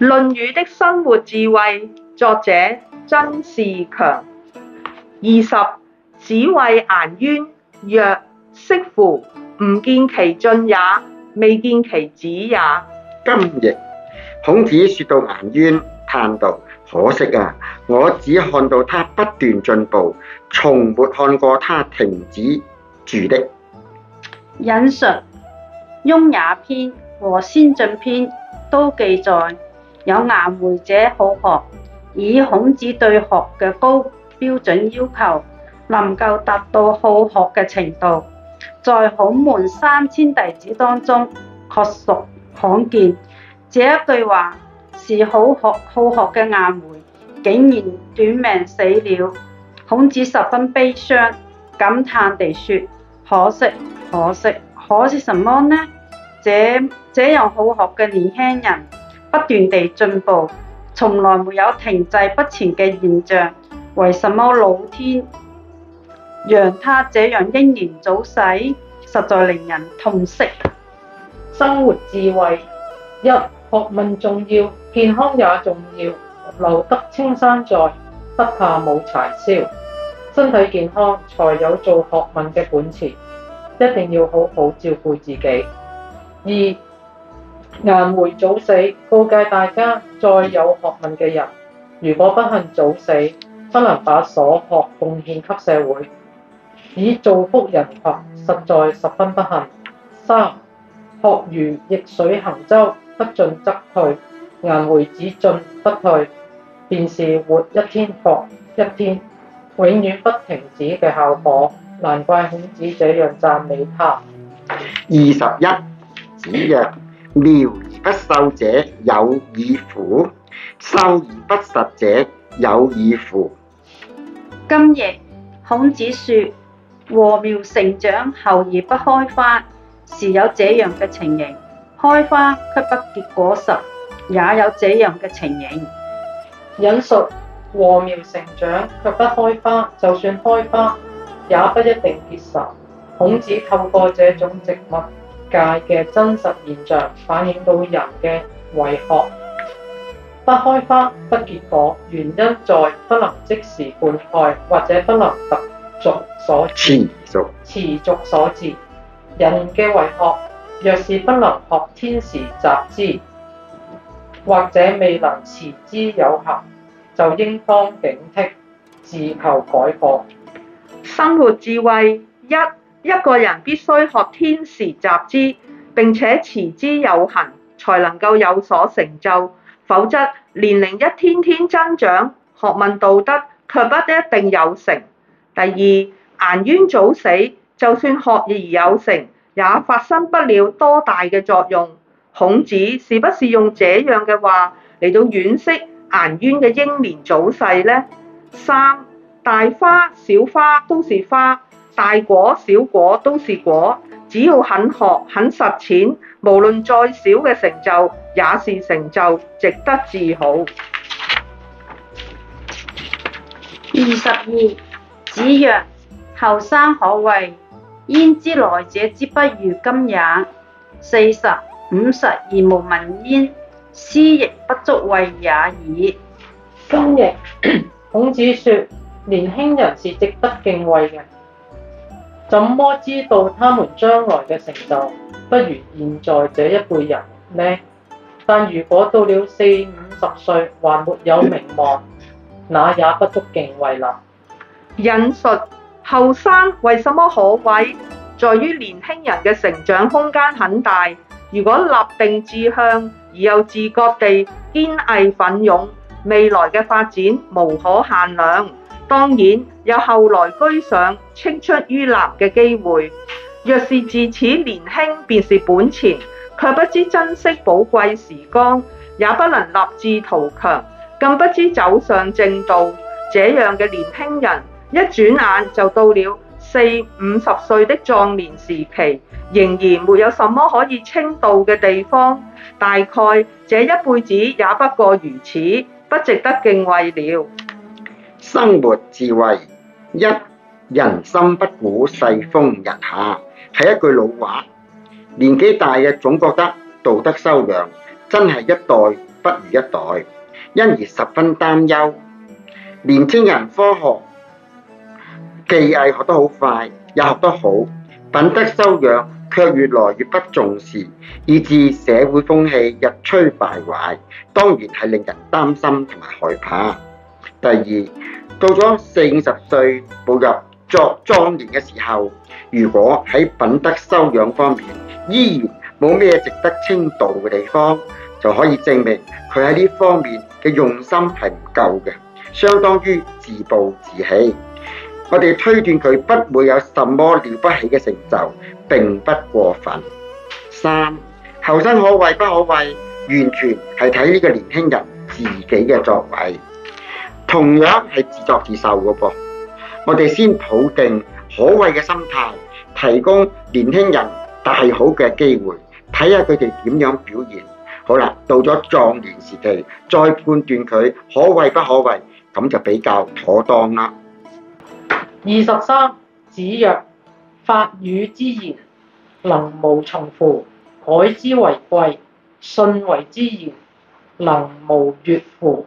《論語》的生活智慧，作者曾仕強。二十，子謂顏淵曰：惜乎，吾見其進也，未見其止也。今亦。孔子説到顏淵，嘆道：可惜啊，我只看到他不斷進步，從沒看過他停止住的。引述《雍也篇》和《先進篇》都記載。有顏回者好學，以孔子對學嘅高標準要求，能夠達到好學嘅程度，在孔門三千弟子當中，確屬罕見。這一句話是好學好學嘅顏回竟然短命死了，孔子十分悲傷，感嘆地說：可惜，可惜，可惜什麼呢？這這樣好學嘅年輕人。不斷地進步，從來沒有停滯不前嘅現象。為什麼老天讓他這樣英年早逝？實在令人痛惜。生活智慧一，學問重要，健康也重要。留得青山在，不怕冇柴燒。身體健康，才有做學問嘅本事。一定要好好照顧自己。二顏回早死，告誡大家：再有學問嘅人，如果不幸早死，不能把所學貢獻給社會，以造福人群，實在十分不幸。三，學如逆水行舟，不進則退。顏回只進不退，便是活一天學一天，永遠不停止嘅效果。難怪孔子這樣讚美他。二十一，子曰。苗而不秀者有矣夫？秀而不實者有矣夫？今夜孔子説：禾苗成長後而不開花，是有這樣嘅情形；開花卻不結果實，也有這樣嘅情形。引述禾苗成長卻不開花，就算開花，也不一定結實。孔子透過這種植物。世界嘅真實現象反映到人嘅為學，不開花不結果，原因在不能即時灌溉，或者不能持續所致持續所持續持續所致。人嘅為學，若是不能學天時習之，或者未能持之有效，就應當警惕，自求改過。生活智慧一。一個人必須學天時習之，並且持之有恒，才能夠有所成就。否則，年齡一天天增長，學問道德卻不一定有成。第二，顏淵早死，就算學而有成，也發生不了多大嘅作用。孔子是不是用這樣嘅話嚟到惋惜顏淵嘅英年早逝呢？三、大花、小花，都是花。大果小果都是果，只要肯學肯實踐，無論再小嘅成就也是成就，值得自豪。二十二，子曰：後生可畏，焉知來者之不如今也？四十五十而無聞焉，斯亦不足畏也已。今日孔子說，年輕人是值得敬畏嘅。怎麼知道他們將來嘅成就不如現在這一輩人呢？但如果到了四五十歲還沒有名望，那也不足敬畏啦。引述後生為什麼可畏，在於年輕人嘅成長空間很大，如果立定志向，而又自覺地堅毅奮勇，未來嘅發展無可限量。當然，有後來居上、青出於藍嘅機會。若是自此年輕，便是本錢，卻不知珍惜寶貴時光，也不能立志圖強，更不知走上正道。這樣嘅年輕人，一轉眼就到了四五十歲的壯年時期，仍然沒有什麼可以稱道嘅地方。大概這一輩子也不過如此，不值得敬畏了。生活智慧一，人心不古，世風日下，係一句老話。年紀大嘅總覺得道德修養真係一代不如一代，因而十分擔憂。年輕人科學技藝學得好快，又學得好，品德修養卻越來越不重視，以致社會風氣日趨敗壞，當然係令人擔心同埋害怕。第二，到咗四十歲步入作壯年嘅時候，如果喺品德修養方面依然冇咩值得稱道嘅地方，就可以證明佢喺呢方面嘅用心係唔夠嘅，相當於自暴自棄。我哋推斷佢不會有什麼了不起嘅成就，並不過分。三，後生可畏不可畏，完全係睇呢個年輕人自己嘅作為。同樣係自作自受個噃，我哋先抱定可畏嘅心態，提供年輕人大好嘅機會，睇下佢哋點樣表現。好啦，到咗壯年時期，再判斷佢可畏不可畏，咁就比較妥當啦。二十三，子曰：法語之言，能無從乎？改之為貴。巽為之言，能無悅乎？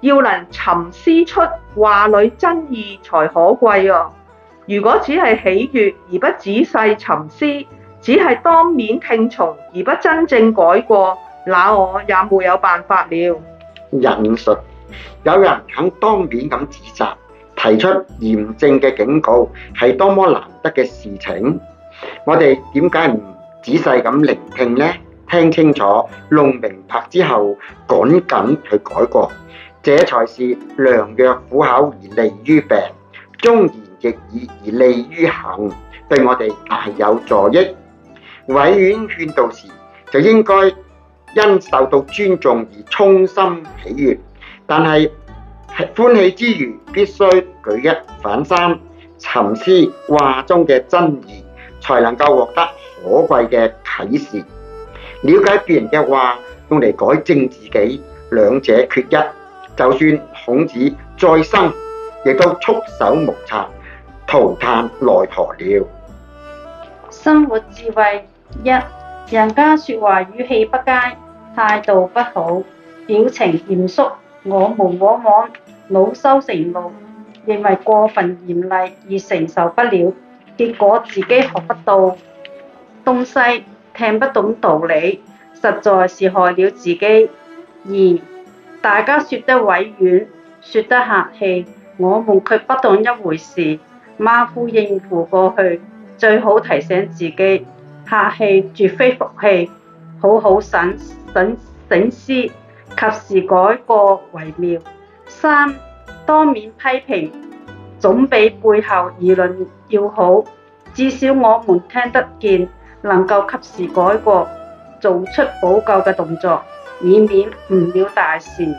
要能沉思出話裏真意才可貴哦、啊。如果只係喜悅而不仔細沉思，只係當面聽從而不真正改過，那我也沒有辦法了。人術有人肯當面咁指責，提出嚴正嘅警告，係多麼難得嘅事情。我哋點解唔仔細咁聆聽呢？聽清楚、弄明白之後，趕緊去改過。這才是良藥苦口而利於病，忠言逆耳而利於行，對我哋大有助益。委婉勸導時，就應該因受到尊重而衷心喜悦，但係歡喜之餘，必須舉一反三，沉思話中嘅真義，才能夠獲得可貴嘅啟示。了解別人嘅話，用嚟改正自己，兩者缺一。就算孔子再生，亦都束手無策，徒嘆奈何了。生活智慧一：人家說話語氣不佳，態度不好，表情嚴肅，我們往往惱羞成怒，認為過分嚴厲而承受不了，結果自己學不到東西，聽不懂道理，實在是害了自己。二大家説得委婉，説得客氣，我們卻不當一回事，馬虎應付過去。最好提醒自己，客氣絕非福氣，好好省省省，省思，及時改過為妙。三，當面批評總比背後議論要好，至少我們聽得見，能夠及時改過，做出補救嘅動作。以免誤了大事。明明